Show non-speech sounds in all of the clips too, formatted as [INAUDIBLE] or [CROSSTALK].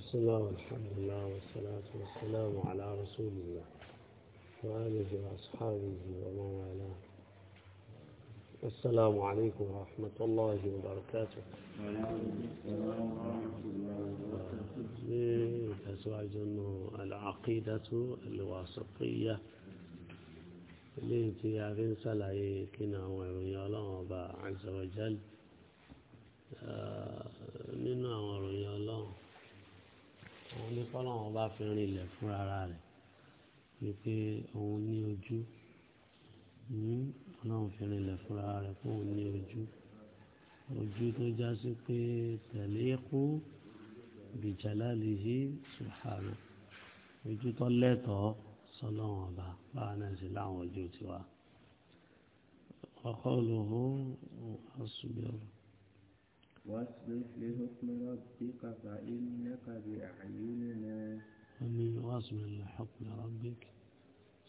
بسم الله والحمد لله والصلاة والسلام على رسول الله وآله وأصحابه ومن والاه السلام عليكم ورحمة الله وبركاته وعليكم السلام ورحمة الله تزواج العقيدة الواسطية التي عارفين سلعي كنا وعمي الله عز وجل من أمر الله òun ní kọ́lọ́run bá fi rin ilẹ̀ fún ara rẹ̀ wípé òun ní ojú hmm? ọlọ́run fi rin ilẹ̀ fún ara rẹ̀ pé òun ní ojú ojú tó já sí pé tẹ̀lé kú bìjàlálìhí subhanahu ojú tó lẹ́tọ̀ọ́ sọlọ́run ọba báwa náà sì láwọn ojú tiwa. وقوله أصبر واصبر لحكم ربك فإنك بأعيننا أمين واصبر لحكم ربك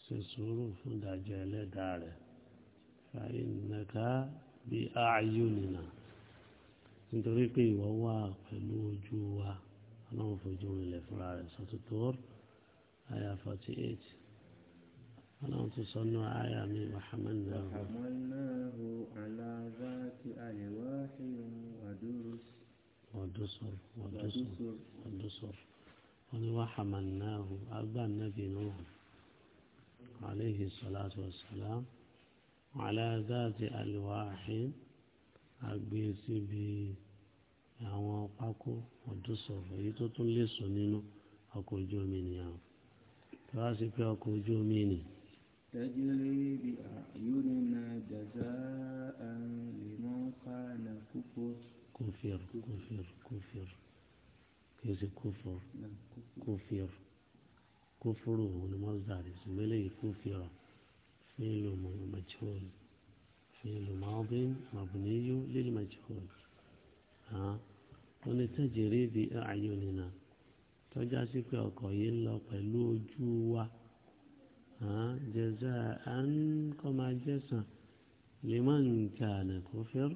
سيصور فدع جالة داره فإنك بأعيننا nítorí pé ìwọ wà pẹ̀lú ojú wa ọlọ́run fojú rìn ọlọ́run ti sọ nù àyà mi wàhámẹ́ńdà ọ̀hún. wàhámẹ́ńdàhù aláàzáàtì àyẹ̀wò àṣeyọ̀n wàdúsọ̀rọ̀ wàdúsọ̀rọ̀ wàdúsọ̀rọ̀ wọn ni wàhámẹ́ńdàhù agbá nàbì náà aleyhi salatu wa salam aláàzáàtì àlùwàhí àgbèsí e bíi àwọn pákó wàdúsọ̀rọ̀ èyí tó tún lè sùn nínú ọkọ̀ ojú omi nìyàwó tọ́wá sí pé ọkọ̀ ojú omi nìyàwó. تجري بأعيننا جزاء لمن كان كفر كفر كفر كفر كيس كفر كفر كفر هو المصدر اسمه لي كفر فعل مجهول فعل ماض مبني للمجهول ها ونتجري بأعيننا تجاسي في أقوى يلا قلوجوا جزاء كما جزاء لمن كان كفر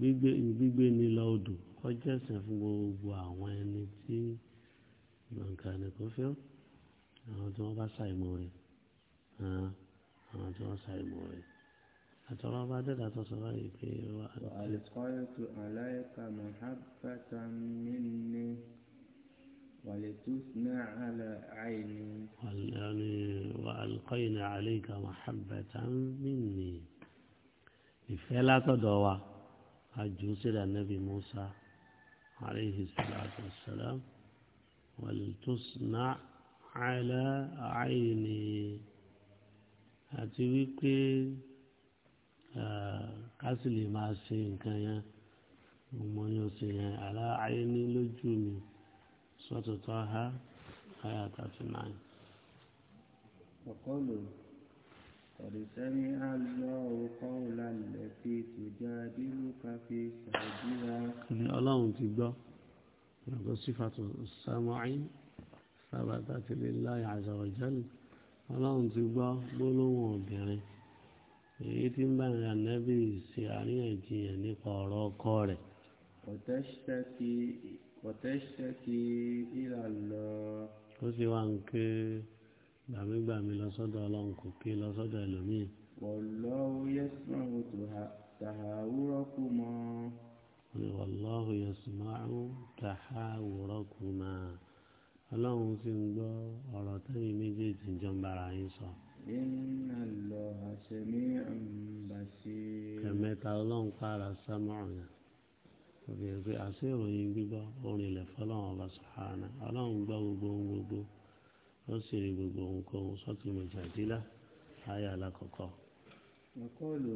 gbígbé ni lọ odò fún gbogbo àwọn ẹni tí gbọ̀ǹkà nìkan fẹ́ àwọn tí wọ́n bá ṣàìmọ̀ rẹ̀ àwọn tí wọ́n ṣàìmọ̀ rẹ̀ àtọ́wọ́ bá dẹ́ta tó sọ báyìí pé. wà á lè kọ́ ètò àláìka mọ̀hábàtà mi ní. ولتصنع على عيني يعني وألقينا عليك محبة مني ìfẹ́lá tọ̀dọ̀ wa àjù sílẹ̀ ànábì Musa alayhi salatu wassalam walitusna ala aini àti wípé kásìlè máa ṣe nǹkan yẹn mo mọ yóò ṣe yẹn ala aini lójú mi. Surah Taha, Ayah 39. وقالوا قد سمع الله قولا التي تجادلك في زوجها ni ọlọ́run ti gbọ́ yàtọ̀ sífàtò samuel sábàtà ti lè láyà àzàwọ̀jálì ọlọ́run ti gbọ́ gbólóhùn obìnrin èyí tí ń bá ìrìn ànábì ṣe àríyànjiyàn nípa ọ̀rọ̀ ọkọ rẹ̀. ọ̀tẹ́ṣẹ́ ti وتشتكي إلى الله ó sì wá ń ké gbàmígbàmí lọ sọ́dọ̀ ọlọ́run kò ké lọ sọ́dọ̀ ẹlòmíì. wọ́lọ́hu yẹ́sùmáàrún tàhàwúrọ́kù mọ́. wọ́lọ́hu yẹ́sùmáàrún tàhàwúrọ́kù mọ́. ọlọ́run sì ń gbọ́ ọ̀rọ̀ tẹ́yìn méjèèjì ń jọba ara yín sọ. iná lọ àṣẹ mi ń bàṣẹ. kẹ̀mẹ́ta ọlọ́run pààrà sámọ́ọ̀yàn bẹ̀rẹ̀ pé àṣẹ ìròyìn gbígbọ́ orin ilẹ̀ fọlọ́run ọba sàánà ọlọ́run gbọ́ gbogbo ohun gbogbo ó sì rí gbogbo ohun kóhun sọ́tún mẹ́jàdínlá ayé alákọ̀ọ́kọ́. ọkọlù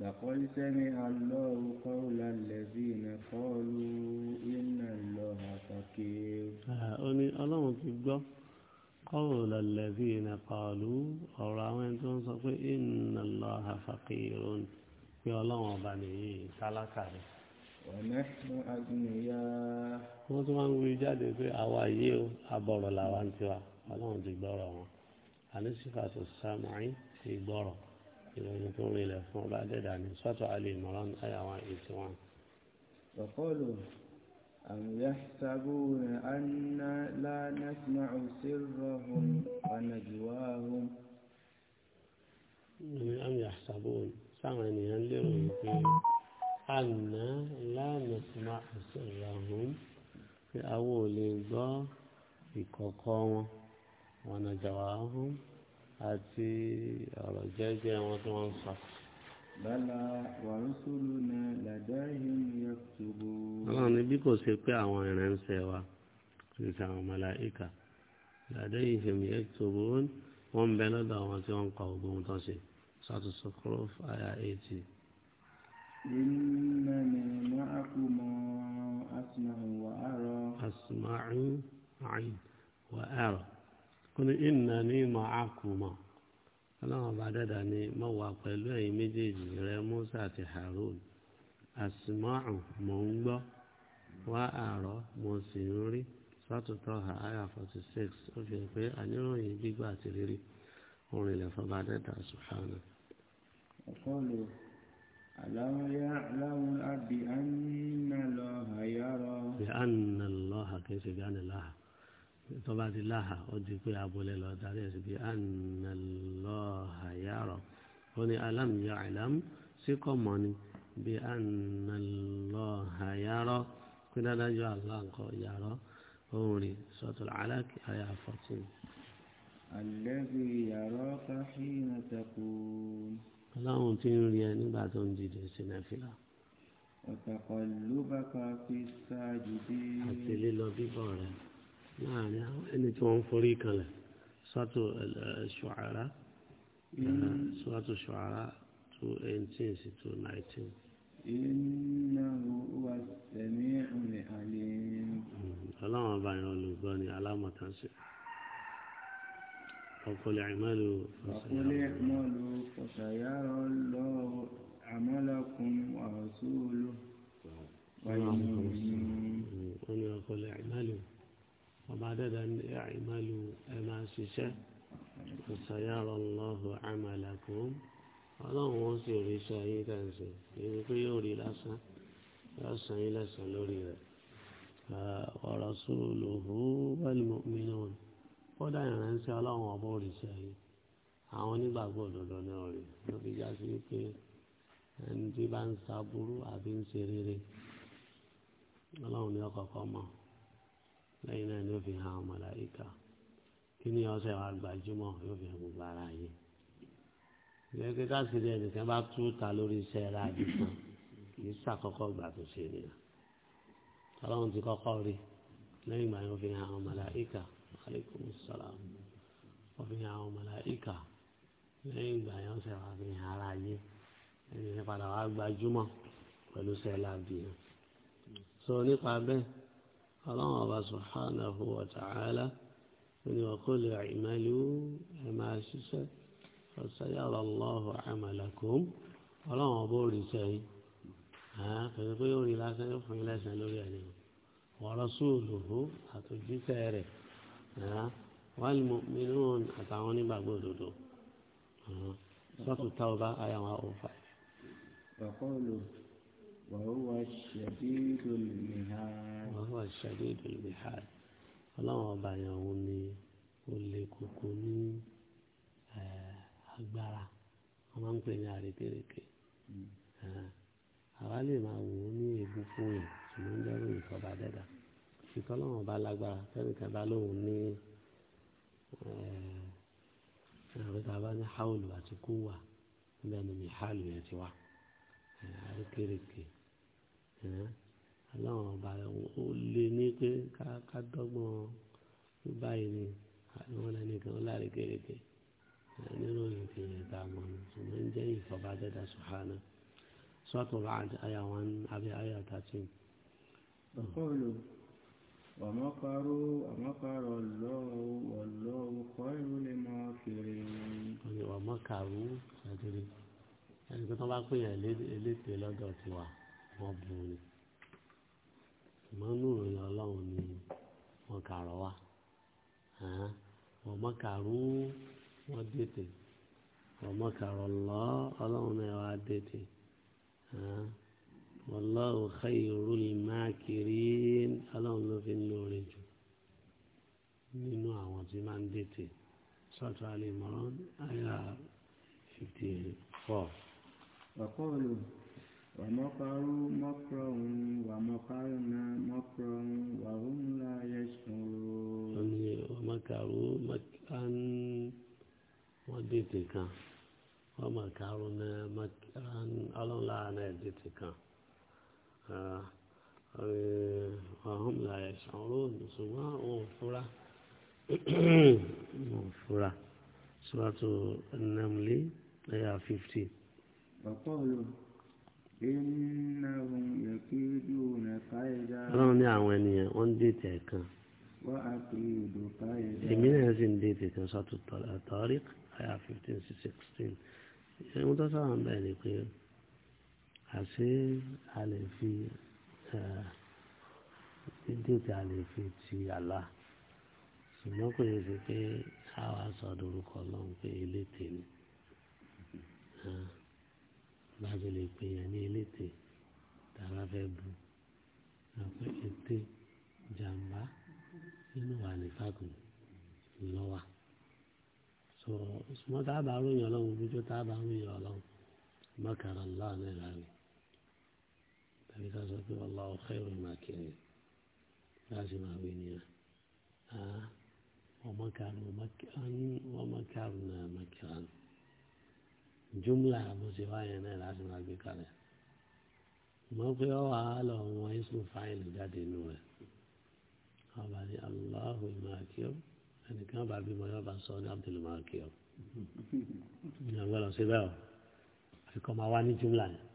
làkọ́lí sẹ́mi alọ́ọ̀rù kọ́ọ̀lá lẹ́bí iná kọ́ọ̀lù iná lọ àtàkì. ó ní ọlọ́run ti gbọ́ kọ́ọ̀lá lẹ́bí iná kọ́ọ̀lù ọ̀rọ̀ àwọn ẹni tó ń sọ pé iná lọ àfàkì ìròyìn pé ọlọ́run ọba nìyí tálákà rẹ̀ wọ́n tún máa ń wí jáde pé àwa yìí ó abọ̀rọ̀ làwa ń tiwa ọlọ́run ti gbọ́rọ̀ wọn àní sífàtò ti gbọ́rọ̀ ìròyìn tó rinlẹ̀ fún ọba dẹ́dà ní sọ́tọ̀ alẹ́ ìmọ̀ràn àyà wọn ètò ọ̀pọ̀lọ̀ àmì yàtàbù rẹ̀ àná lánàá sírọ̀ hùn ọ̀nà jùwà hùn. àmì yàtàbù sáwọn ènìyàn lérò yìí pé àná lánàá àṣàlàhùn pé àwọn ò lè gbọ́ ìkọ̀kọ̀ wọn wọn àjàwà ahùn àti ọ̀rọ̀ jẹ́jẹ́ wọn tí wọ́n ń sọ. bala wàrúsùlù na làdáyé ń yẹ tòbó. ọlọ́run ní bí kò ṣe pé àwọn ìrẹsẹ̀ wa ti sàn àwọn màláíkà làdáyé ń yẹ tòbó wọn ń bẹ lọ́dọ̀ àwọn tí wọ́n ń kọ ogun tó ṣe sọ́tún sọ́kúrò fáyà 80. إنني معكم أسمع وأرى أسمع عين وأرى قل إنني معكم ọlọ́run ọba dẹ́dà ni mo wà pẹ̀lú ẹ̀yin méjèèjì rẹ Musa àti Harun àsìmọ́ọ̀rù mò ń gbọ́ wá àárọ̀ mo sì ń rí sátútọ́ ha aya forty six ó fi hàn pé àníròyìn gbígbà àti rírí orin ilẹ̀ ألم يعلم أن الله يرى بأن الله كيف بأن الله طبعا الله أدرك يا أبو ليلى داريس بأن الله يرى هنا ألم يعلم سيكمني بأن الله يرى كنا نجوا الله يرى هوني سورة العلاك آية 14 الذي يراك حين تكون ọlọ́run ti ń rí ẹ nígbà tó ń dìde sí nàfìlà. ọ̀tàkọ̀ ló bá ka fi ṣáájú dé. àti lílọ bíbọ̀ rẹ láàrin ẹni tí wọ́n ń forí kalẹ̀ sọ́tò eh, ṣùárà eh, sọ́tò ṣùárà two eighteen sí two nineteen. innahu huwa as-sami'ul 'alim. Hmm, ọlọ́run ọba ìrọ̀lùgbọ́ ni alámọ̀tán فقل اعملوا فقل اعملوا فسيرى الله عملكم ورسوله وإن يقول اعملوا وبعد أن اعملوا ما سيشة فسيرى الله عملكم ọlọ́run wọn sì rí iṣẹ́ ayé tá à ń ṣe èyí pé yóò rí lásán yóò yín lẹ́sàn lórí rẹ̀ ọ̀rọ̀ sùn lòhùn wal mu'minun kódà ìránṣẹ́ ọlọ́run ọba òrìṣẹ́ yìí àwọn onígbàgbọ́ òdodo ní ọ̀rẹ́ ló fi já sí pé ẹni tí bá ń ṣaburú àbí ń ṣe rere ọlọ́run ní ọkọ̀ọ̀kọ́ mọ̀ lẹ́yìn náà ni ó fi hàn àwọn màláíkà kí ni ọ̀sẹ̀ wa gbajúmọ̀ yóò fi hàn gbogbo ara yìí ìyẹn pé káṣíìrì ẹnìkan bá tú ta lórí iṣẹ́ rẹ̀ àbí kan kì í ṣàkọ́kọ́ gbà tó ṣe nìyà ọlọ́run ti kọ́kọ́ rí lẹ́yìn ìgbà yóò fi hàn àwọn aleykum salaam wọ́n fi hàn àwọn màláíkà lẹ́yìn ìgbà yẹn ń sẹ́wà fi hàn ara yé ẹni yẹn padà wá gbajúmọ̀ pẹ̀lú sẹ́lá bìyàn. sọ nípa bẹ́ẹ̀ ọlọ́run ọba subhanahu wa ta'ala ni wọ́n kó lè ìmọ̀lú ẹ̀ máa ṣiṣẹ́ ọ̀sẹ̀yàrá ọlọ́hu àmàlàkùn ọlọ́run ọba òrìṣẹ́ yìí kìí pé ó rí lásán yóò fún yín lẹ́sẹ̀ lórí ẹ̀ ni wọ́n rọ́ sóòlù hó àtòjíṣẹ́ rẹ̀ wàhálì mìíràn àtàwọn onígbàgbọ́ òdodo sọ́tù táwọ̀bá àyà wọn ò fà. bàkọ́ọ̀lù wàhùwà ṣàdédò mìhàr. wàhùwà ṣàdédò mìhàr ọlọ́run ọba yẹn òun ni ó lè kókó ní agbára wọ́n máa ń pè ní àrékèrèké hmm. àwa lè máa wò ó ní ebú fún yẹn ṣùgbọ́n ń dẹ́rù ìfọ̀bà dẹ́dà ìtọ́lọ́wọ́n bá lágbára tẹ́nìkan bá lóun ní ẹ̀rọ eh, tá a bá ní haúlù àti kúwà níbẹ̀ ni mìhálù yẹn ti wá àríkèrèkè eh, eh, ọlọ́run ọba ó lé ní pé ká dọ́gbọ́n báyìí ni àwọn ẹnìkan ó láríkèrèkè níròyìn ti yẹn tá a mọ̀ ṣùgbọ́n ń jẹ́ ìfọ̀bá dẹ́dà sùhánà sọ́tò rà àyà abẹ́ àyà tàtí. ومكروا ومكر الله والله خير للماكرين ومكروا أدري ẹni pé tó bá pè yàn eléte lọ́dọ̀ tiwa wọ́n bu ni ìmọ̀nù ìròyìn ọlọ́run ni wọ́n kàrọ̀ wá wọ́n mọ̀ kàrú wọ́n dètè wọ́n mọ̀ kàrọ̀ lọ́ ọlọ́run náà wá dètè wàláhù khayrul makirin ọlọ́run ló fi ń lóore jù nínú àwọn tí máa ń dètè sọ́tọ̀ alẹ́ mọ́rán àyà fifty four. وقالوا ومكروا مكرا ومكرنا مكرا وهم لا يشعرون ومكروا مكرا وديتك ومكرنا مكرا الله لا يديتك ọ̀hún làyẹ̀ sọ̀rọ̀ ṣùgbọ́n òun fura òun fura sọ́tò nàmlé ẹ̀yà fífitì. ọ̀pọ̀lọ́ iná ohun yẹ kí ojú rẹ̀ káyọ̀dá. ọlọ́run ní àwọn ènìyàn wọ́n ń dètè kan. wọ́n á pè é odò káyọ̀dá. èmi náà sì ń dètè kan sọ́tò tọ́rí ẹ̀yà fifteen sí sixteen. ìṣẹ́yìn tó sábà ń bẹ̀ ni pé àṣé a lè fi dídètè a lè fi ti àlá ṣùgbọ́n kò yẹ sí pé a wá sọ dorúkọ ọlọ́run pé elétè ni bá a ti lè pè yẹn ní elétè tá a fẹ́ bu àpé ète jàǹbá nínú wà ní fákùn lọ́wà so ṣùgbọ́n tá a bá ròyìn ọlọ́run bíjọ́ tá a bá ròyìn ọlọ́run mọ́kàrà ńlá ní ìlànà àbí ká sọ pé wallahu khairul makirin láti máa wí nìyẹn ọmọ kàrún ọmọ kàrún náà makiran jumla bó ṣe wáyé náà láti máa gbé kalẹ̀ mọ pé ọ wà á lọ wọn ismu fáìlì jáde nù rẹ ọba ní aláhu makir ẹnìkan bá bímọ yóò bá sọ ní abdul makir ní ọgbọ́dọ̀ síbẹ̀ ọ àfikọ́ máa wá ní jumla yẹn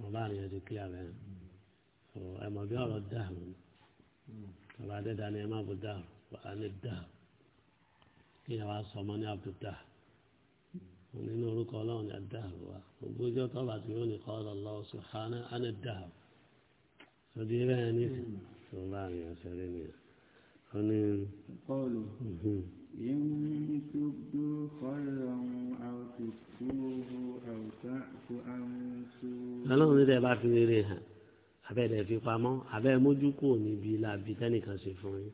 wọn bá rìn ẹdí kílíà bẹ́ẹ̀ so ẹ mọ̀ bí ọ̀rọ̀ dáhùn ọba adẹ́dá ni ẹ má bọ̀ dáhùn wàá ní dáhùn kí ẹ wá sọ ọmọ ní abduldah nínú orúkọ ọlọ́run ní adáhùn wa ogójì ọ̀tọ̀ bá ti yóò ní kọ́ ọ̀rọ̀ lọ́wọ́ sùhánà ánà dáhùn sọdí bẹ́ẹ̀ ní sọ̀rọ̀ àrùn ẹ̀sẹ̀ rẹ̀ nìyẹn. إن تبدوا خيرا أو تخفوه أو تعفو عن سوء ọlọ́run ní tẹ́ bá fi rere hàn abẹ́ rẹ̀ fi pamọ́ abẹ́ mójú kò níbi làbí tẹ́nìkan ṣe fún yín.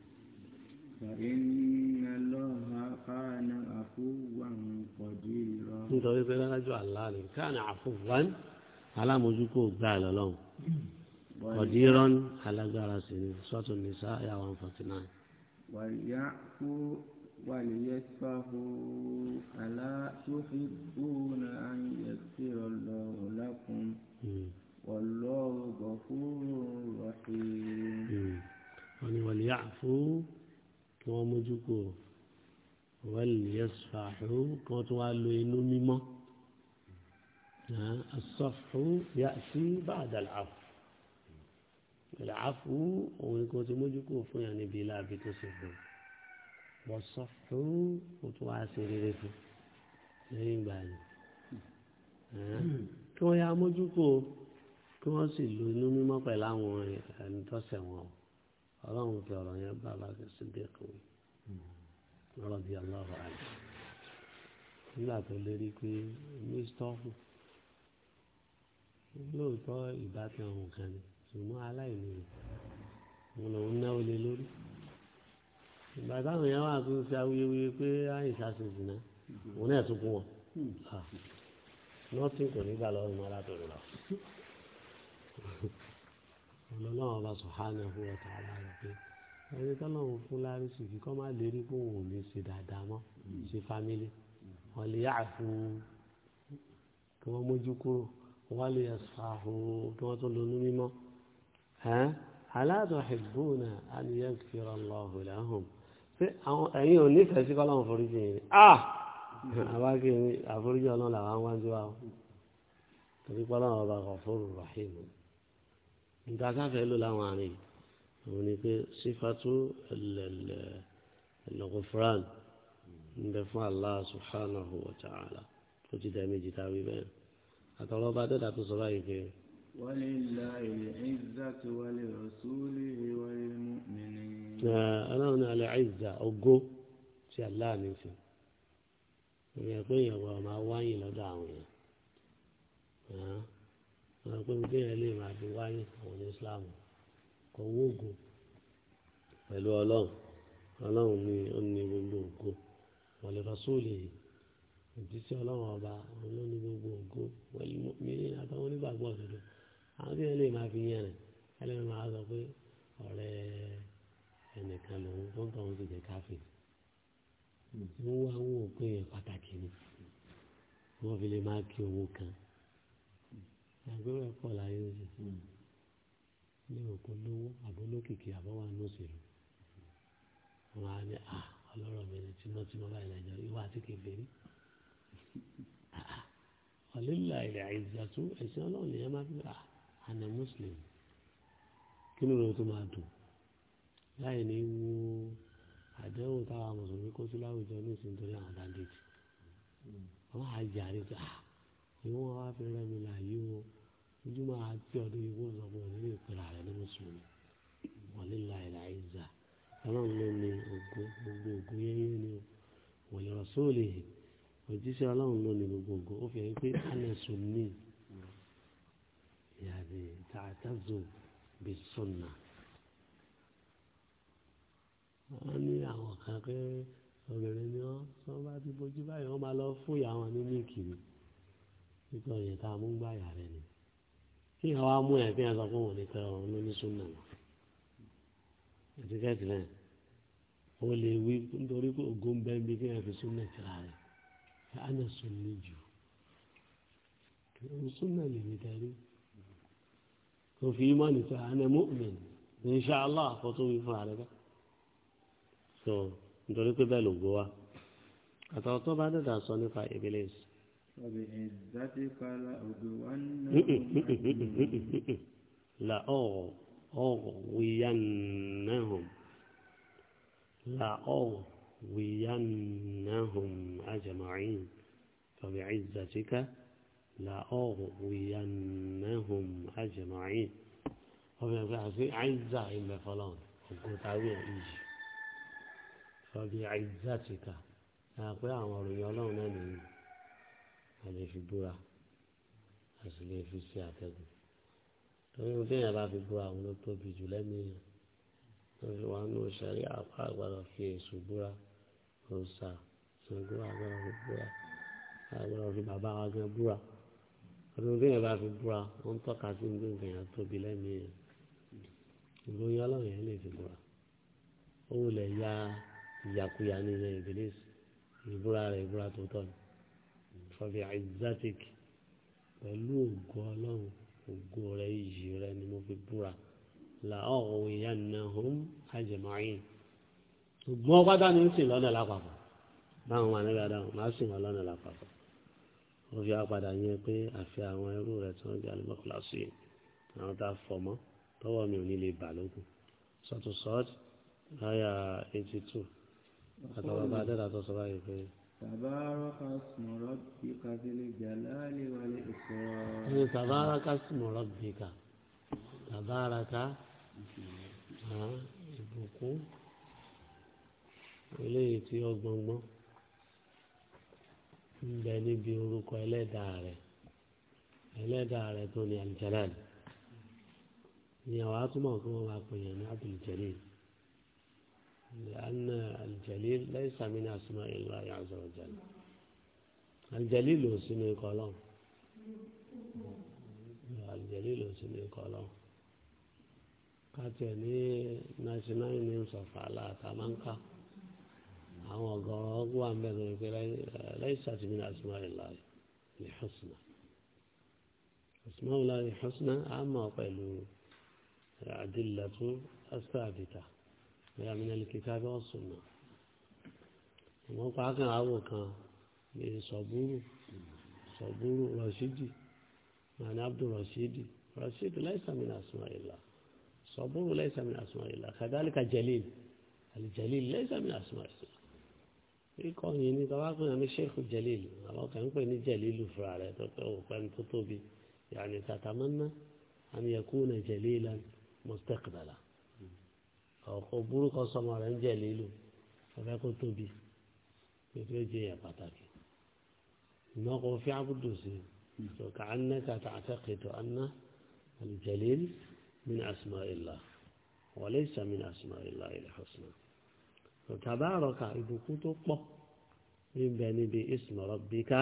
nítorí pé lọ́lájú àlá ni káàní àfọwọ́n alámójúkò gbà lọ́lọ́run kọ̀dírọ́n alágbára sí ni sọ́tún nìṣá yà one وليسفهوا ألا تحبون أن يغفر الله لكم hmm. والله غفور رحيم hmm. wọ́n ní wàlíyàfó kí wọ́n mójú kó wàlíyàsfàhó kí wọ́n tún wá lo inú mímọ́ asọ́fó yá sí báàdà làáfó làáfó òun ni kí wọ́n ti mójú kó fún yàn níbi ilé àbí tó ṣe fún un wọ́sọ̀ fún òtún wá sí rere fún lẹ́yìn ìgbà yìí kí wọ́n ya mójúkò kí wọ́n sì lo inú mímọ́ pẹ̀lú àwọn ẹni tọ́sẹ̀ wọn ọlọ́run fi ọ̀rọ̀ yẹn bá láti síbi ẹ̀kọ́ lọ́rọ̀ bíi ọlọ́rọ̀ àyè nígbà tó lérí pé mísítọ́fù lóòótọ́ ìbátan òun ni ṣùgbọ́n aláìní wọn lòún náwó lé lórí ìgbà táwọn yẹn wà tún ṣe awuyewuye pé àyíṣà ṣe ṣìnà òun náà tún kún wọn ah, nọ́ọ̀tì kò ní gbà lọ́rùn mọ́ látòrí lọ. ọlọ́run ọba sọ̀hánà fún ọ̀tá ara rẹ̀ pé ẹni tọ́lọ́run fún lárí sùkì kọ́ má lè rí kóhùn ò lè ṣe dáadáa mọ́ ṣe fámílì wọ́n lè yá fún kí wọ́n mójú kúrò wọ́n lè yẹ sàáhùn kí wọ́n tún lónú mímọ́. aláàtọ̀ ìbúnà àníyàn kìrọ̀ lọ́hùn lẹ́hùn pé àwọn ẹ̀yin ò nífẹ̀ẹ́ sí kọ́lọ́run foríjì yìí ah àbákí ni àforíjì ọlọ́run làwọn wá sí wa torí kọ́lọ́run ọba kọ̀fọ́rù rahim nígbà sáfẹ́ ló láwọn àárín òun ni pé sífàtú ẹlẹ́gọ̀fúrán ń bẹ fún Allah subhanahu wa ta'ala tó ti dẹ́ méjì táwí bẹ́ẹ̀ àtọ́lọ́ba dẹ́dà tó sọ báyìí pé. ولله العزة ولرسوله وللمؤمنين أنا على عزة أقو tí aláà ní fi ìyẹn pé èèyàn gbọ́dọ̀ máa wáyìn lọ́dọ̀ àwọn èèyàn wọn pé kéèyàn lè máa fi wáyìn àwọn ní islam kò wóògùn pẹ̀lú ọlọ́run ọlọ́run ni ó ní gbogbo ògo wọlé rasúlì òjíṣẹ́ ọlọ́run ọba òun ní gbogbo ògo wọlé mọ́mí àtàwọn onígbàgbọ́ òdodo àwọn tí wọn lè máa fi yẹn rìn ẹlẹ́nu máa sọ pé ọ̀rẹ́ ẹnìkan lòun tó ń tọ́ òun sì jẹ́ káfí wọ́n wá wọn ò pé yẹn pàtàkì ni wọ́n fi lè máa kí owó kan àgbẹ̀rẹ̀ pọ̀ láyé oṣù ní òkú lówó àbólókìkí àbọ̀wá lóṣèlú wọn á ní à ah, ọlọ́rọ̀ mi ni tímọ́tímọ́ báyìí lẹ́jọ́ ìwà àti kẹfẹ́rí ọ̀lẹ́lá [LAUGHS] àìsàtú ẹ̀sìn ọlọ́run yẹn máa fi à. Ah, àna muslim kí ló lóò tó máa dùn láì ní wo àdéhùn táwọn mùsùlùmí kó sí láwùjọ ní ìsìn torí àwọn bandit wọn á jàre pé ah ìwọ wá fi rẹmi láàyè o ojúmọ́ àti ọdún ìwọ sọ fún òní ní ìpínlẹ̀ rẹ ní mùsùlùmí wọlé láìla ìzà ọlọ́run ló ní ogun gbogbo ogun yẹyẹ ni wọlé rọ sóòlì òjíṣẹ́ ọlọ́run ló ní gbogbo ogun ó fi hàn pé alẹ́ sùn ní. يعني تعتز بالسنة wọ́n àwọn kan pé obìnrin ni wọ́n tó bá ti bójú báyìí wọ́n máa lọ fún ìyá wọn ní mílìkìrì nípa ọ̀yẹ̀ tá a mú gbà yà rẹ̀ ni kí ìyá wa mú ẹ̀fín ẹ̀ sọ fún wọn nípa ọ̀run ló ní súnmọ̀ wọn ẹ̀tíkẹ́tì náà ó lè wí nítorí pé ògùn bẹ́ẹ̀ bí kí ẹ̀ fi súnmọ̀ kíra rẹ̀ ẹ̀ á nà sùn ní jù òun súnmọ̀ lè mi darí tó من ìmánì مؤمن إن شاء الله ṣáàlá àfọ́tún wí fún ààrẹ so nítorí pé bẹ́ẹ̀ ló gbó wa àtàwọn tó bá dẹ̀dà sọ nípa Iblis. la ọ̀rọ̀ ọ̀rọ̀ wíyánnáhùn la ọ̀rọ̀ wíyánnáhùn ajma'in fa bi'izzatika. لأغوينهم أجمعين ومن قال عزة إلا فلان وقلت عوية إيجي فبعزتك أقول عمر يولون أني أنا في بورا أسلي في سياتكم torí mo téèyàn bá fi búra òun ló tóbi jù lẹ́mìí wọ́n fi wọn ní òṣèré àpá àgbàdo fi èso búra òòṣà Ṣàngó àgbàdo fi búra àgbàdo fi bàbá wa gan búra ọdún tí yẹn bá fi búra wọn tọ́ka sí ní gbogbo yẹn tóbi lẹ́mìí yẹn ìròyìn ọlọ́run yẹn lè fi búra ó wulẹ̀ ya ìyàkuyà ní ilẹ̀ ìbílẹ̀s ìbúra rẹ̀ ìbúra tó tọ́ ni fọbi isaac pẹ̀lú ògo ọlọ́run ògo rẹ̀ iyì rẹ̀ ni mo fi búra là ọ̀hún ìyá nahum ajẹmọ́rin gbọ́n pátá ni ń sìn lọ́nà lápapọ̀ báwọn wà nígbà dáhùn máa sìn wọn lọ́nà lápapọ̀ wọ́n fi apàdà yẹn pé àfi àwọn ẹrú rẹ̀ tí wọ́n jẹ́ alimọ́kùlásù yìí àwọn tá a fọ̀ mọ́ tọ́wọ́ mi ò ní lè bà lókun sọ́tún sọ́ọ̀tì láyà eighty two àtàwọn bá dẹ́ta tó sọ báyìí pé. tabaraka smu rabbika zil jalali wal ikram. ṣe tabaraka smu rabbika tabaraka ìbùkún eléyìí tí ó gbọ̀ngbọ̀n ń bẹ níbi orúkọ ẹlẹ́dàá rẹ̀ ẹlẹ́dàá rẹ̀ tó ní alìjẹ́láàlì ìyẹn wàá túmọ̀ kí wọ́n máa pè yàn ní abduljalil lẹ́nà alìjẹ́líl lẹ́yìn sàmì ní asúmọ̀ ìlú ayé àzọ̀rọ̀jẹ̀lì alìjẹ́líl ló sí ní ikọ̀ lọ́wọ́ alìjẹ́líl ló sí ní ní national names of Allah àtàmánkà. أما قوام بين القرين ليست من أسماء الله لحسنى أسماء الله حسنى أما قلوا الأدلة الثابتة هي من الكتاب والسنة موقع كان أبوك به صبور صبور رشيدي معنى عبد الرشيد رشيد ليس من أسماء الله صبور ليس من أسماء الله كذلك جليل الجليل ليس من أسماء الله kíkọ́ ni ní tọ́wá pé ní sẹ́kù jalil àwọn kan ń pè ní jalil fúra rẹ̀ tó pé òun ní tó tóbi yàrá tàtàmánná àni yakuna jalilan mustaqbala ọ̀kọ́ burúkọ sọmọ rẹ̀ ń jalilu ọ̀fẹ́ kó tóbi pépé ó jẹ́ yà pàtàkì iná kò fi abudu sí tó ká anna ká ta'taqidu anna al jalil min asma'illah wa laysa min ilà ilà husna. tàbá àròkà ìbùkún tó pọ̀ níbẹ̀ níbi ìsìnmọ̀rọ̀ bíká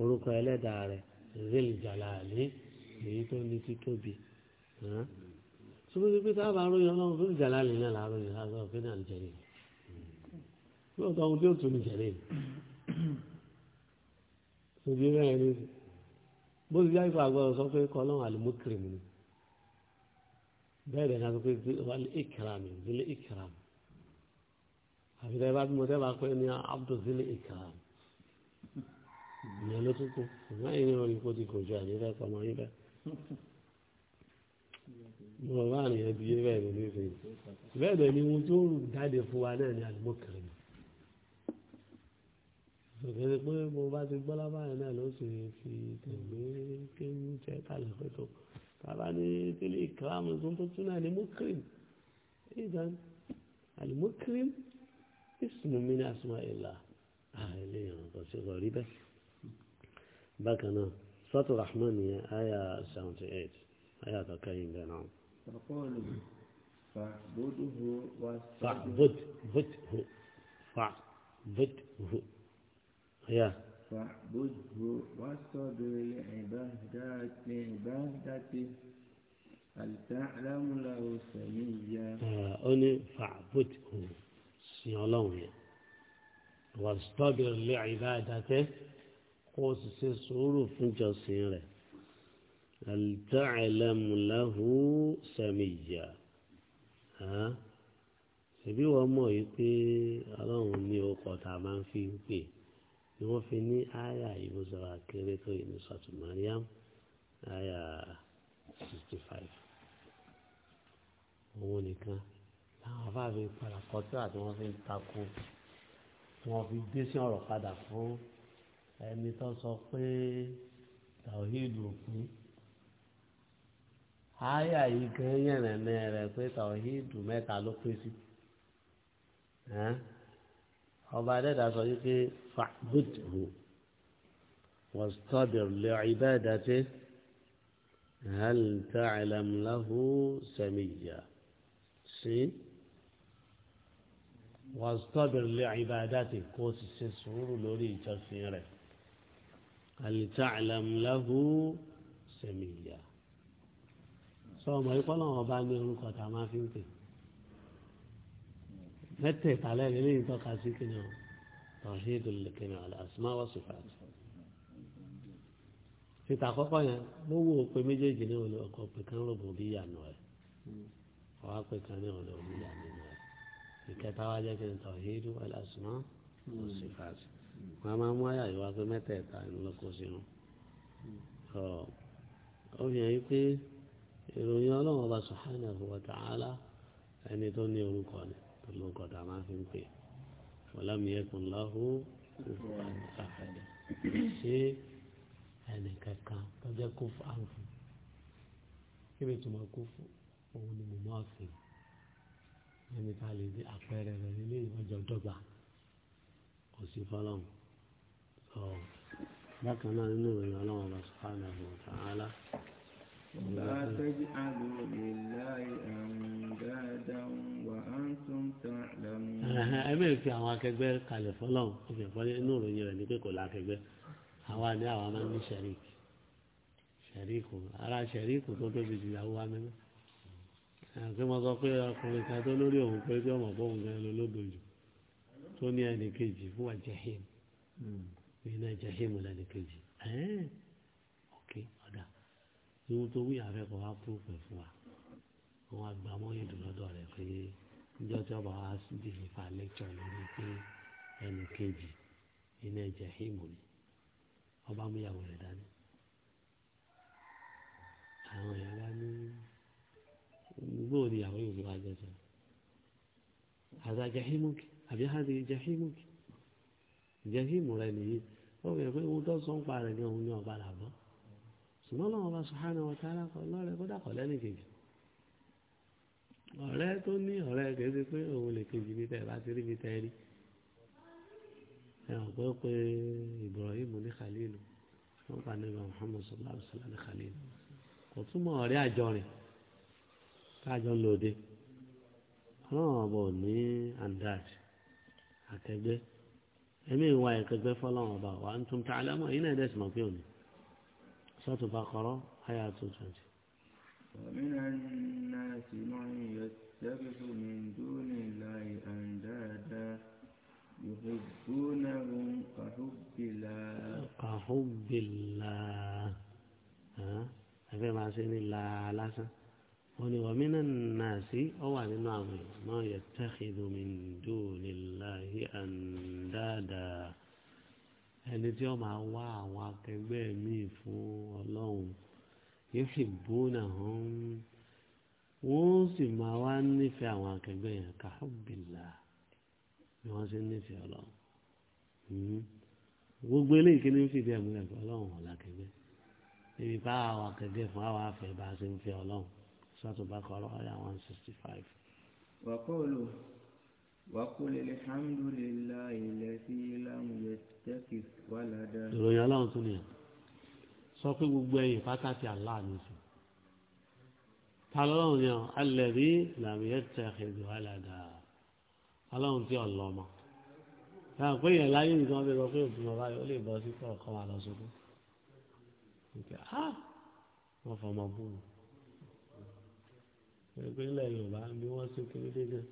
orúkọ ẹlẹ́dàá rẹ̀ zil jalali èyí tó ní títóbi sọ́kùnrin pé sábà ròyìn ọlọ́run zil jalali náà làáròyìn lásán òfin náà jẹ̀rẹ̀ lóòótọ́ ohun tí ó tún ní jẹ̀rẹ̀ òbí rẹ̀ ní bó ti jáde fún àgbọ̀rọ̀ sọ pé kọ́ ọlọ́run àlùmọ́kìrìmù ni bẹ́ẹ̀ bẹ́ẹ̀ ni a sọ pé zil ikram zil ikram àfihàn bá gbọ́ sẹ́wà pé ní abdulzil ikram ìyẹn ló tún kù ṣùgbọ́n ìní orí kò ti gòjò àdéhùn ẹ̀kọ́ ọmọ yín bẹ́ẹ̀. mo bá rìn ẹbí yé bẹ́ẹ̀ lórí ìfẹ́ yìí bẹ́ẹ̀ bẹ́ẹ̀ ni ohun tó ń jáde fún wa náà ni àdúgbò kẹrin. òkèèrè pé mo bá ti gbọ́ lábáyé náà ló sì fi tẹ̀lé kéwú jẹ́ kálẹ̀ pé tó bàbá ní tẹ́lẹ̀ ìkàràmù tó ń tó tún náà ni ismu min asma'illah ah, àìlè ìrìn kò sí lọ rí bẹ́ẹ̀. bákan náà sọ́tò rahman yẹn àyà seventy eight àyà kankan yìí bẹ́ẹ̀ náà. fàbùdùhù fàbùdùhù àyà. فاعبده واصطبر لعبادته عبادته هل تعلم له سميا؟ آه أني فاعبده sin ọlọ́run yẹn wà sọ́bìrì lé ìbáàdàtẹ́ kó o sì ṣe sùúrù fún jọ́sìn rẹ̀ àlùtàìlẹ́mùláhù sàmìyà ṣèbí wọ́n mọ̀ yìí pé ọlọ́run ní ọkọ̀ tá a máa ń fi pè ni wọ́n fi ní àyà ìbùsọ̀rọ̀ akéré tó yìí ní sọ̀tùmọ́ríyàm àyà sixty five òun nìkan àwọn afáàfin padà kọ́ tí àti wọ́n fi ń takò wọ́n fi dé sí ọ̀rọ̀ padà fún ẹni tó sọ pé tàwíìdù òpin àyà yìí gan yẹ̀rẹ̀nẹ́ rẹ̀ pé tàwíìdù mẹ́ta ló pé sí ọba adẹ́dà sọ yìí pé fàbùtù wàstọ́bìr lè ìbẹ́ẹ̀dàtì hàlìtà àlàmúláhù sẹ́mìyà sí. واستبر لعبادته قوس السرور لوري تفسيره هل تعلم له سميا سو ما يقول ما باني هو كما فيك متى تعالى لي انت قاسيكنا توحيد لكنا على الاسماء وصفات في تحقق يعني مو هو ميجي جنيه ولا كان ربوبيه نوع واقع كان ربوبيه نوع ìkẹta wa jẹ́ kí n tawhidu al-asma wa sifat hmm. wọn a máa mú àyà ìwà pé mẹ́tẹ̀ẹ̀ta ìlọ́kọ sínú. Hmm. ó fi hàn yí pé ìròyìn ọlọ́run ọba subhanahu wa ta'ala ẹni tó ní orúkọ ni tó lóko tá a máa fi ń pè wa lam yakun lahu ṣé ẹnì kankan tó jẹ́ kó fáwọn fún kí ni tó máa kó òun ni mo máa fi hàn ẹni tá lè di àpẹẹrẹ rẹ nílé ìwọjọ dọ́gba kò sí fọlọ́n sọ bákan náà nínú ìròyìn ọlọ́run ọba sọ́kànà ọ̀hún tààlà. لا تجعلوا لله أندادا وأنتم تعلمون. ẹ̀mí fi àwọn akẹgbẹ́ kalẹ̀ fọlọ́n ó fi fọlẹ́ inú ìròyìn rẹ̀ ní pé kò lákẹgbẹ́ àwa ni àwa máa ń ní sẹ̀ríkì sẹ̀ríkù ara sẹ̀ríkù tó tóbi jù ìyàwó wa mẹ́mẹ́ ẹ̀ǹkí mo sọ pé ọkùnrin kan tó lórí òun pé kí ọmọ bóun gan ló lódò jù tó ní ẹnì fún wa jahim hmm. iná jahim lẹnì kejì ọ̀dà ìwọ́n tó wí àfẹ́kọ̀ wá kú pẹ̀ fún wa wọn àgbàmọ́ ìdùnnọ́dọ̀ rẹ̀ pé níjọ́ tí ọba wa di ìfà lẹ́kṣọ̀ lórí pé ẹnì kejì jahim ni ọba mú ìyàwó rẹ̀ dání àwọn ìyàwó ní bóò ni àwọn yóò fi wá jẹ sẹ́yìn àdá jahimuki àbí hadi jahimuki jahimu rẹ nìyí ó bẹ̀rẹ̀ pé ohun tó sọ ń pa rẹ̀ ní òun ní ọba làbọ́ ṣùgbọ́n lọ́wọ́ bá subhanahu wa ta'ala kọ lọ́rẹ̀ kó dàkọ̀ lẹ́nu kejì ọ̀rẹ́ tó ní ọ̀rẹ́ kejì pé òun lè kejì níta ẹ̀ bá ti rí níta ẹ̀ rí ẹ̀ hàn pé ó pe Ibrahim ní khalilu wọ́n pa nígbà Muhammad sallallahu alayhi wa sallam ní khalilu kò túmọ̀ ọ̀rẹ́ àjọrin káàjọ ń lòde ọlọ́run ọba ò ní andaj akẹgbẹ́ ẹ̀mí ìwà ìkẹgbẹ́ fọlọ́run ọba wà ń tún tààlẹ́ mọ́ èyí náà dẹ̀ sì mọ̀ pé òní sọ́ọ̀tù bá kọ́rọ́ àyà tó twenty. ومن الناس من يتخذ من دون الله أندادا يحبونهم كحب الله كحب الله ها أفهم عسيني الله لاسن wọ́n ní wàmínà nàásì ọ wà nínú àwọn èèyàn náà yẹ tẹ́kìdù min dunillahi àndáàdà ẹni tí ó máa wá àwọn akẹgbẹ́ míì fún ọlọ́run yóò sì bóna hàn wọ́n sì máa wá nífẹ̀ẹ́ àwọn akẹgbẹ́ yẹn káàbìlà ni wọ́n sì nífẹ̀ẹ́ ọlọ́run hmm. gbogbo eléyìí kí ni fìdí ẹ̀ múlẹ̀ pé ọlọ́run ọ̀la ibi bá àwọn akẹgbẹ́ fún àwọn afẹ́ bá a ṣe ń fẹ́ ọlọ́run sọ́tò bá kọ́ ọ́ yà one sixty five. wàkóòlù wàkóòlù alhamdulilayi ilẹ̀ sí ìlànà yẹtẹ́kì wàládà. ìròyìn ọlọ́run tún nìyẹn sọ pé gbogbo ẹ̀yìn pátá ti àlá mi sí talọ́run ni ọ alẹ́bí làmì yẹtẹ́kì wàládà ọlọ́run tí ọlọ́mọ táwọn pé yẹn láyé nìkan bẹ sọ pé òfin ọba yóò lè bọ́ sí kọ̀ọ̀kan wà lọ ah! wọ́n fọmọ bú wọn pé ilẹ̀ yorùbá bí wọ́n ṣe kéré déédéé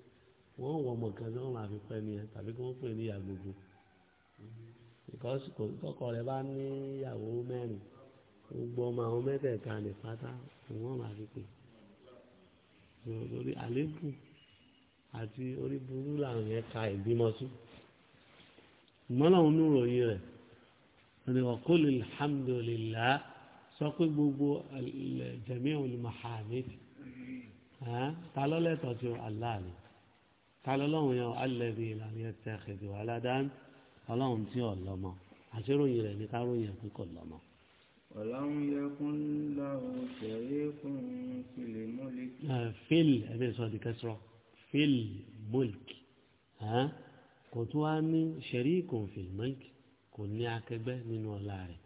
wọ́n wọ ọmọ kan tí wọ́n máa fi pẹ́ ni ẹ tàbí kí wọ́n pè ní ìyá gbogbo ìkọ́kọ̀ rẹ̀ bá ní ìyàwó mẹ́rin gbogbo ọmọ àwọn mẹ́tẹ̀ẹ̀ta lè pátá wọ́n máa fi pè lórí àlékù àti orí burú làwọn yẹn ka ìbímọ sí mọ́láwọn oníròyìn rẹ̀ ẹni ọ̀kọ́lẹ̀ alhamdulillah sọ pé gbogbo jamiu al-mahamid ta ló lẹ́tọ̀ọ́ sí aláàlú ta ló lọ́hùn yẹn alẹ́bí ìlànà yẹn tẹ́ ẹ̀kẹ́dù aládán ọlọ́hùn tí ò lọ́mọ àṣíròyìn rẹ̀ ní káròyìn ẹ̀kú kò lọ́mọ. ọ̀làhùn yẹ kún láwọn ṣẹ̀rí fún fìlì mọ́lìkì. fíl ẹ̀mí sọ di kẹsàn-án fíl mọ́lìkì kò tún wá ní ṣẹ̀rí kò fìl mọ́lìkì kò ní akẹgbẹ́ nínú ọlá rẹ̀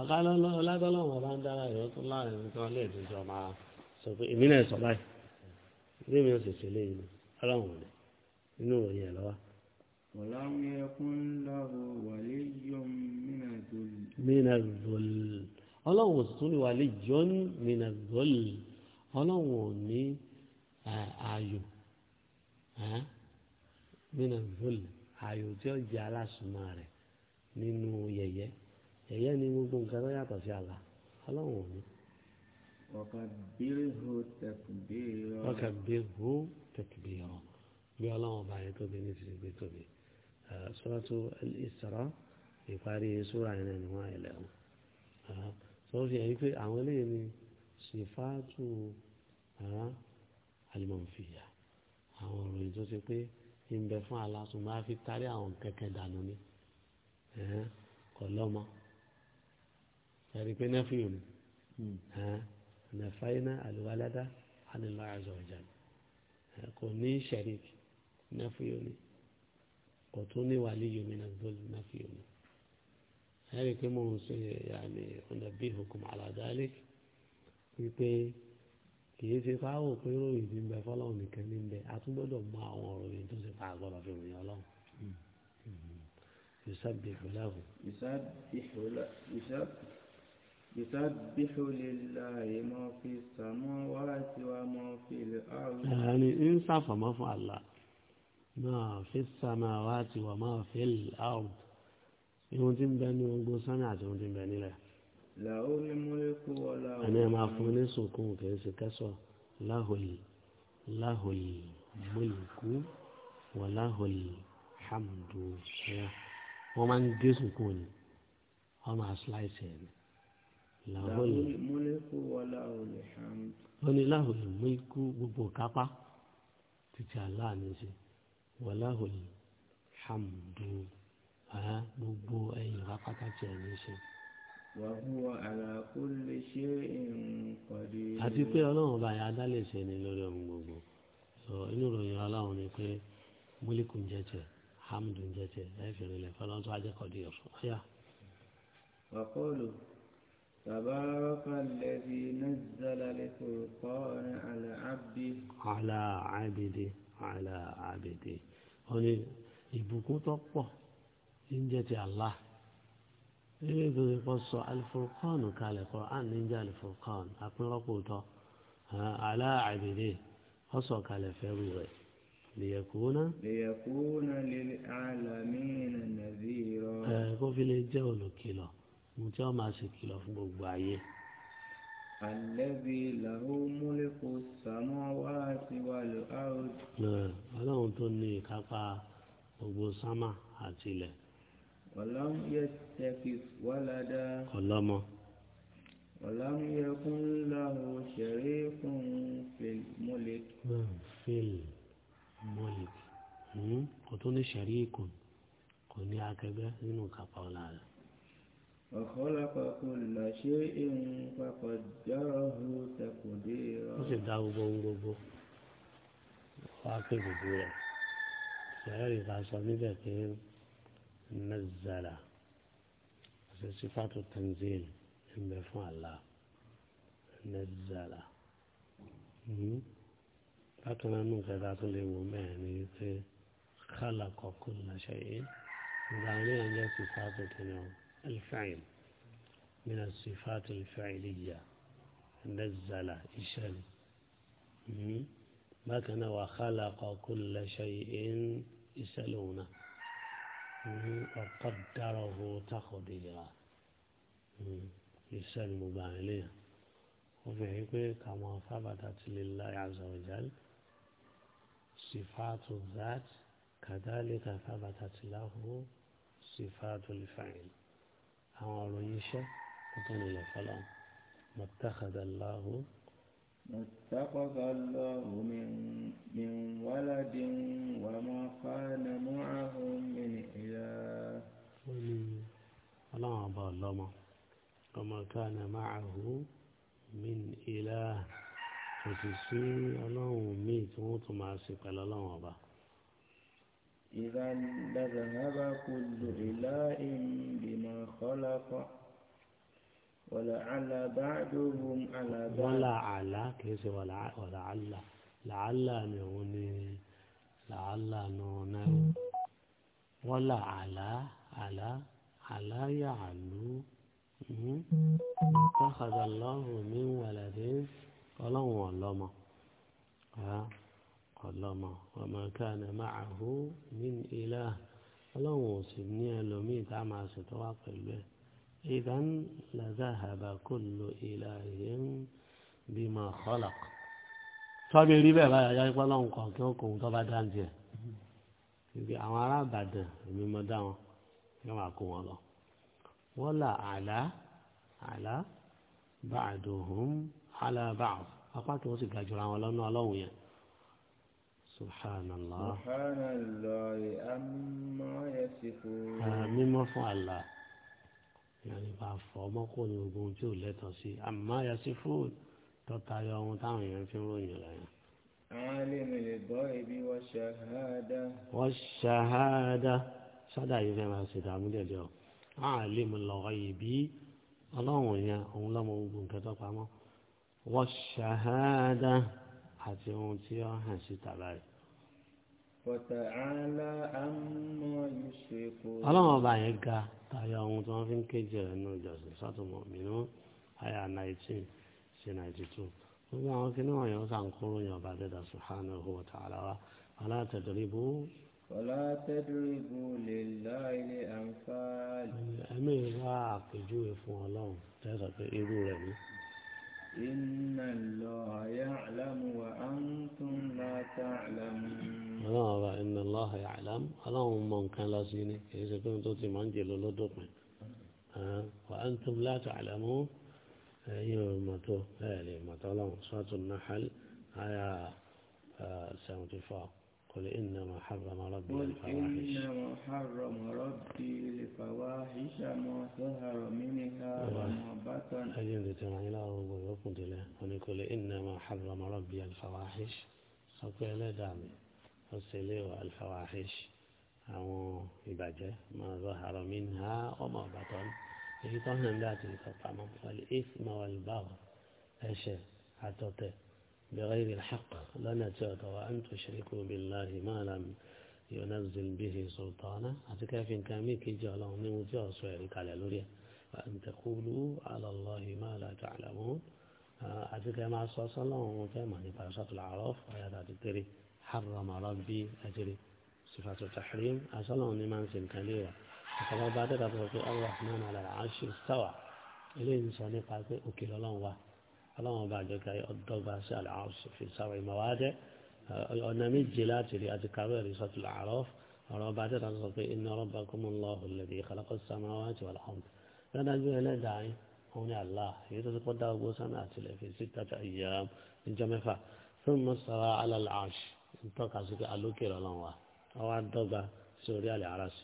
ọ̀gá ọlọ́dọ́lọ́wọ́ bá ń dára ìrọ́tún láàrin nǹkan lè máa sọ pé èmi náà sọ báyìí bí mi ò sì ṣe léyìn ni ọlọ́run ò lè inú ìròyìn ẹ̀ lọ́wọ́. ọ̀làwọ̀ yẹ kún lọ́wọ́ wàlẹ́ yọ mìíràn zòlì. ọlọ́run ò sì tún ní wàlẹ́ yọ mìíràn zòlì ọlọ́run ò ní ààyò mìíràn zòlì ààyò tí ó jẹ́ alásùnmọ́ rẹ̀ nínú yẹ̀yẹ́ yẹ̀yẹ́ ni gbogbo nǹkan tó yàtọ̀ sí àlá ọlọ́run ò ní wakabiru takbira bí ọlọ́run bá yẹn tóbi ní tìrìbí tóbi suratu al-Isra ìparí sura yẹn ni wọ́n ilẹ̀ wọn. sọ́fì ẹ̀yìn pé àwọn eléyìí ni sifatu al-manfiya àwọn òròyìn tó ṣe pé ń bẹ fún aláṣùn máa fi tarí àwọn kẹ̀kẹ́ dànù ni kọlọ́mọ ẹ̀rí pé nẹ́fìlì ni. Hmm. نفينا àlùwaládá ànilá الله kò ní sẹríkì nàfíyóni kò tún ní wàlíyù mi nàgbọlù nàfíyóni ẹ̀rí pé mo ń ṣe yàní ọ̀nà bí hukum àlàdálẹ́ wípé kìí ṣe fáwọ̀ pé ròyìn ti ń bẹ fọlọ́run nìkan ní bẹ a tún gbọ́dọ̀ mọ àwọn ròyìn tó ṣe fà gbọ́dọ̀ fi ròyìn ọlọ́run. يسبح hmm. له hmm. يسبح لله ما في السماوات وما في الأرض يعني إنصاف ما في الله ما في السماوات وما في الأرض ìwọ̀n tí ń bẹ ní ogun sánà àti ìwọ̀n tí ń bẹ nílẹ̀. làwọn ní mọ́lẹ́kù ọ̀la ọ̀la. àní ẹ máa fún ní sùnkún kìí ṣe kẹsọ láhòlì láhòlì mọ́lẹ́kù wọ láhòlì hàmdù wọ́n máa ń gé sùnkún ni wọ́n máa ṣláìsì ẹ̀ làhùn ìmúlẹ́kù wà láhùn ìhàmù. wọ́n ní láhùn ìmú ikú gbogbo kápá títí aláàánú sí wà láhùn ìhàmùdù àá gbogbo ẹ̀yìn rápátá tí ẹ̀ ní ṣe. wà hùwà àlàkù lè ṣe ìrìnkọ̀dé. àti pé ọlọ́run ọba yà á dá lè ṣe ni lórí ọmọ gbogbo sọ inú ìròyìn ọlọ́run ni pé múlíkù ń jẹ́jẹ́ hàmùdù ń jẹ́jẹ́ ẹ̀fìn rẹ̀ lẹ́fọ́ lọ́tọ́ ajẹ́kọ̀dé ọ̀ṣun تبارك الذي نزل الفرقان على عبده على عبده على عبده هني ìbùkún tó pọ̀ níjẹ ti Allah ilé ìdòdò kan sọ alifurukọ́ọ̀nù kalẹ̀ kọ́ à níjà alifurukọ́ọ̀nù apínrọ́pò tọ́ ala abidi wọ́n sọ kalẹ̀ fẹ́rù rẹ̀ lèyẹ̀kúnà. lèyẹ̀kúnà lil alamina nàzírọ̀. ẹ kó fi lè jẹ́ olùkìlọ̀ ohun tí wọ́n máa ṣe kìlọ̀ fún gbogbo ayé. àlẹ́bí làwọn múlẹ́kù sàmọ́ wá sí wa lò áwọ̀. ọlọ́run tó ní ìkápá gbogbo sámà àti ilẹ̀. ọlọ́run yẹ tẹ́kì wáládá. ọlọ́mọ. ọlọ́run yẹ kún láwọn ṣẹ̀rí fún fèlmọ́lẹ̀. fèlmọ́lẹ̀ hmm? kò tó ní ṣẹ̀rí kò ní akẹgbẹ́ nínú kápá ọ̀la rẹ̀. وخلق كل شيء فقدره تقديرا ó sì dá gbogbo ohun gbogbo wá pé gbogbo rẹ̀ sẹ́ẹ̀rì bá sọ níbẹ̀ pé mẹ́zàlá àti sífàtò tanzil ń bẹ fún àlá mẹ́zàlá bákan náà nù kẹta tó lè wò mẹ́rin ní pé خلق كل شيء ìgbà ní ẹ̀jẹ̀ sífàtò tẹ̀lé ọ̀hún. الفعل من الصفات الفعلية نزل إشل ما كان وخلق كل شيء يسألونه وقدره تقديرا يسأل مبالية وفي كما ثبتت لله عز وجل صفات الذات كذلك ثبتت له صفات الفعل àwọn ọ̀rọ̀ yìí ṣẹ́ kó tó lè lọ fọlọ́ mọ̀tàkàdà láhùn. اتخذ الله من من ولد وما كان معه من إله الله أبا الله وما كان معه من إله kò sì sí ọlọ́run míì tí wọ́n tún máa ṣe pẹ̀lú ọlọ́run ọba. ìlànà dàgbà náà bá kú lò ìlà ìmú. خلق ولعل بعضهم على بعض ولعل كيف ولعل ولعل لعل نوني لعل نوني ولعل على على يعلو اتخذ الله من ولد ولو ولما ها ولما وما كان معه من إله ọlọ́run ò sì ní ẹlòmíì tá a máa sùn tó wá pẹ̀lú ẹ̀ ìdán lazahaba kullu ilahin bima khalaq. tọ́bi rí bẹ́ẹ̀ báyọ̀ yá ipá lọ́hùn kan kí wọ́n kóhun tó bá dá ń jẹ. ibi àwọn ará èmi mọ dá wọn kí máa kó wọn lọ. wọ́n là àlá àlá ba'duhum ala ba'd apá kí wọ́n sì gàjọra wọn lọ́nà ọlọ́run yẹn subhanallah subhanallah amma yasifun. mímọ́ fún àlá yẹn bá fọ ọmọkùnrin ogun tí ò lẹ́tọ̀ọ́ sí amma yasifun tọ́ta yọ ohun táwọn èèyàn fi ń ròyìn rẹ̀ yẹn. عالم الغيب والشهادة والشهادة صدى يفهم سيدا مولي اليوم عالم الغيب الله يا هم لا موجود كذا والشهادة حتى يوم تيار هسي تبعي ọlọ́run ọba yẹn ga tayọ ohun tí wọ́n fi ń kéjì rẹ̀ nínú ìjọsìn sátúmọ̀ mìíràn àyà nineteen sí ninety two gbogbo àwọn kìnìún ọ̀yàn sàǹkóró yẹn ọba dẹ́dà subhanahu wa ta'ala wa wala tadribu. wala tadribu lillahi al-amthal. ẹ̀mí ìwà àpèjúwe fún ọlọ́run tẹ́sán pé irú rẹ̀ ni. إن الله يعلم وأنتم لا تعلمون هذا إن الله يعلم اللهم من كان لازيني إذا كنت تمانجي للدقم وأنتم لا تعلمون أيوة ما متو أيوة ما لهم سورة النحل سامتي 74 قل إنما حرم ربي قل إنما حرم ربي الفواحش ما ظهر منها وما بطن أجل تمعي لا أقول ربك له قل إنما حرم ربي الفواحش أقول لا دعمي فسلي الفواحش أو إباجة ما ظهر منها وما بطن إذا كان ذات الفقامة والإثم والبغي أشياء حتى بغير الحق لنا تعطى وأن تشركوا بالله ما لم ينزل به سلطانا أتكاف كامي كي جعله من وجه سعرك على لوريا وأن تقولوا على الله ما لا تعلمون أتكاف مع صلى الله عليه وسلم عن فرشة العراف وآيات التري حرم ربي أجري صفات التحريم أصلا لمن سنكليوة فقال بعد ذلك الرحمن على العرش استوى إليه قال أكل الله ọlọ́run ọba àjọkà ọdọ́gba sí àlàáṣì fi sáwọn ìmọ̀wá jẹ́ ọ̀nà méje láti rí àti kàwé rí sọ́tùlù àárọ̀ ọ̀rọ̀ ọba tẹ́ta sọ pé iná ọlọ́ba kọ́mọlọ́ọ̀hùn lẹ́dí ìkàlọ́kọ́ sàmáwá àti wàlàhùn dáadájú ẹlẹ́dàá yín òun ni Allah èyí tó ti kọ́ dá ogbó sánà àtìlẹ́ fi sí tata ìyá níjọ́ mẹ́fà fún mọ́sára alàlàáṣì ń tọ́ka sí pé alókè ọlọ́run wa ọwọ́ àdọ́gba sí orí àlàáṣì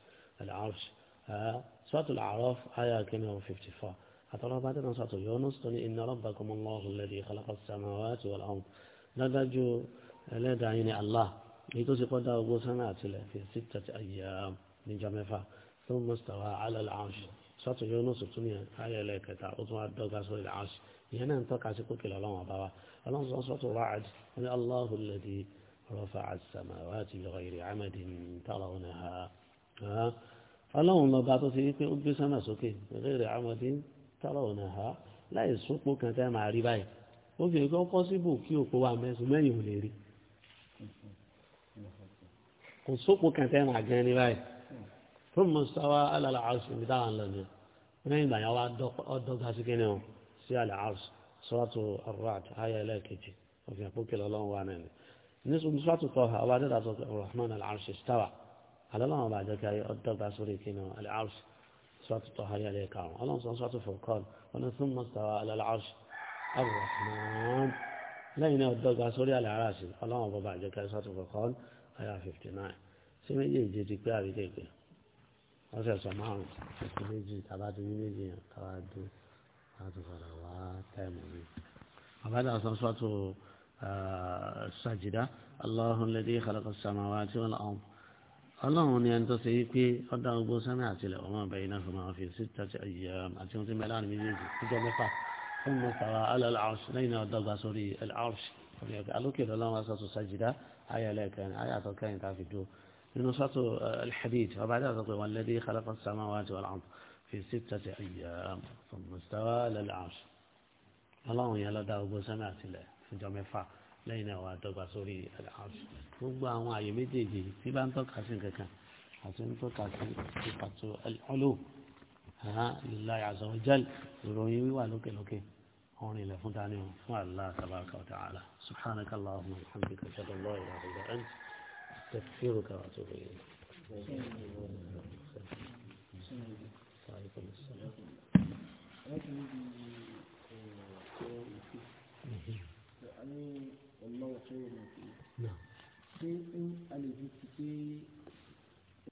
sọ́tùlù àárọ̀ ayé akínní 154 àtọ́lọ́ bá tẹ̀sán sọ̀tọ̀ Yunus tó ní inna rabbakum Allahu alladhi khalaqa as-samawati wal ard dájú ẹlẹ́dàá yín ni Allah èyí tó ti kọ́ dá ogún sánà àtìlẹ̀ fi sittati ayyam níjọ́ mẹ́fà thumma stawa ala al-arsh sọ̀tọ̀ Yunus ní ayẹlẹ́ kẹta ó tún wá dọ́gba sórí al ìyẹn náà ń tọ́ka sí kókè lọ́wọ́ bá wa ọlọ́run sọ̀tọ̀ Ra'd ó ní Allahu alladhi رفع السماوات بغير عمد ترونها فلهم ما بعثوا في قد سما سكين غير عمد tọ́lọ̀ ọ̀nà ha láì súnpọ̀ kan tẹ́ máa rí báyìí ó fi nǹkan pọ́síbù kí òpó wa mẹ́sùn mẹ́yìn ò lè rí kò súnpọ̀ kan tẹ́ máa gan ní báyìí fún mùsàwá alàlà àrùsì mi dáhà ń lọ ni lẹ́yìn ìgbà yẹn wá dọ́gba sí kíni o sí àlà àrùsì sọ́wọ́tò arúgbàt ayé ẹlẹ́ẹ̀kejì òfin àpòkèlè ọlọ́run wà náà ni sọ́wọ́tò tọ́ ha ọba adé سورة الطه عليه كرم اللهم صل سورة الفرقان الله ثم استوى على العرش الرحمن لين الدقة سوري على عراشي اللهم أبو بعد ذلك سورة الفرقان آية 59 سمي يجي جي كبير بيتك أسر سمعهم سمي يجي تبادو من يجي تبادو تبادو فلوات تيموني وبعد سورة السجدة الله الذي خلق السماوات والأرض ọlọ́run ni ẹni tó ṣe wípé ọ̀dà ogbó sẹ́mi àtìlẹ̀ ọmọ ọbẹ̀ iná fún àwọn fèrèsé tàbí ẹ̀yà àti ohun tí mẹ́lá ní méjèèjì níjọ́ mẹ́fà fún mi sàrà alẹ́láàrùs lẹ́yìn náà dọ́gba sórí ẹ̀láàrùs alókè lọ́lọ́run aṣọ sàjìdá ayẹlẹ́kẹrin ayàtọ̀ kẹrin tàfi dúró nínú sọ́tò alḥadid ọba àti àtọ̀pẹ̀ wọn lẹ́dí kálọ́kọ̀ sàmáwájú ọ̀làrùn fèrèsé tàbí ẹ̀yà fún mi sàrà alẹ́láàrùs ọlọ́run yẹn lọ́dà ogbó sẹ́mi àtìlẹ̀ níjọ́ mẹ́fà lẹ́yìn náà wà dọ́gba sórí àṣù gbogbo àwọn àyè méjèèjì tí bá ń tọ́ka sí kankan àti ń tọ́ka sí ìpàtó ọlọ́ lillahi azza wa jal ìròyìn wíwà lókèlókè ọ̀rìn ilẹ̀ fún dání fún Allah tabaraka wa ta'ala subhanaka allahumma wa bihamdika ashhadu an la ilaha illa anta astaghfiruka wa atubu ilayk Mm-hmm lọ́wọ́ fún ìrìnàjò. ṣé a lè fi ti pé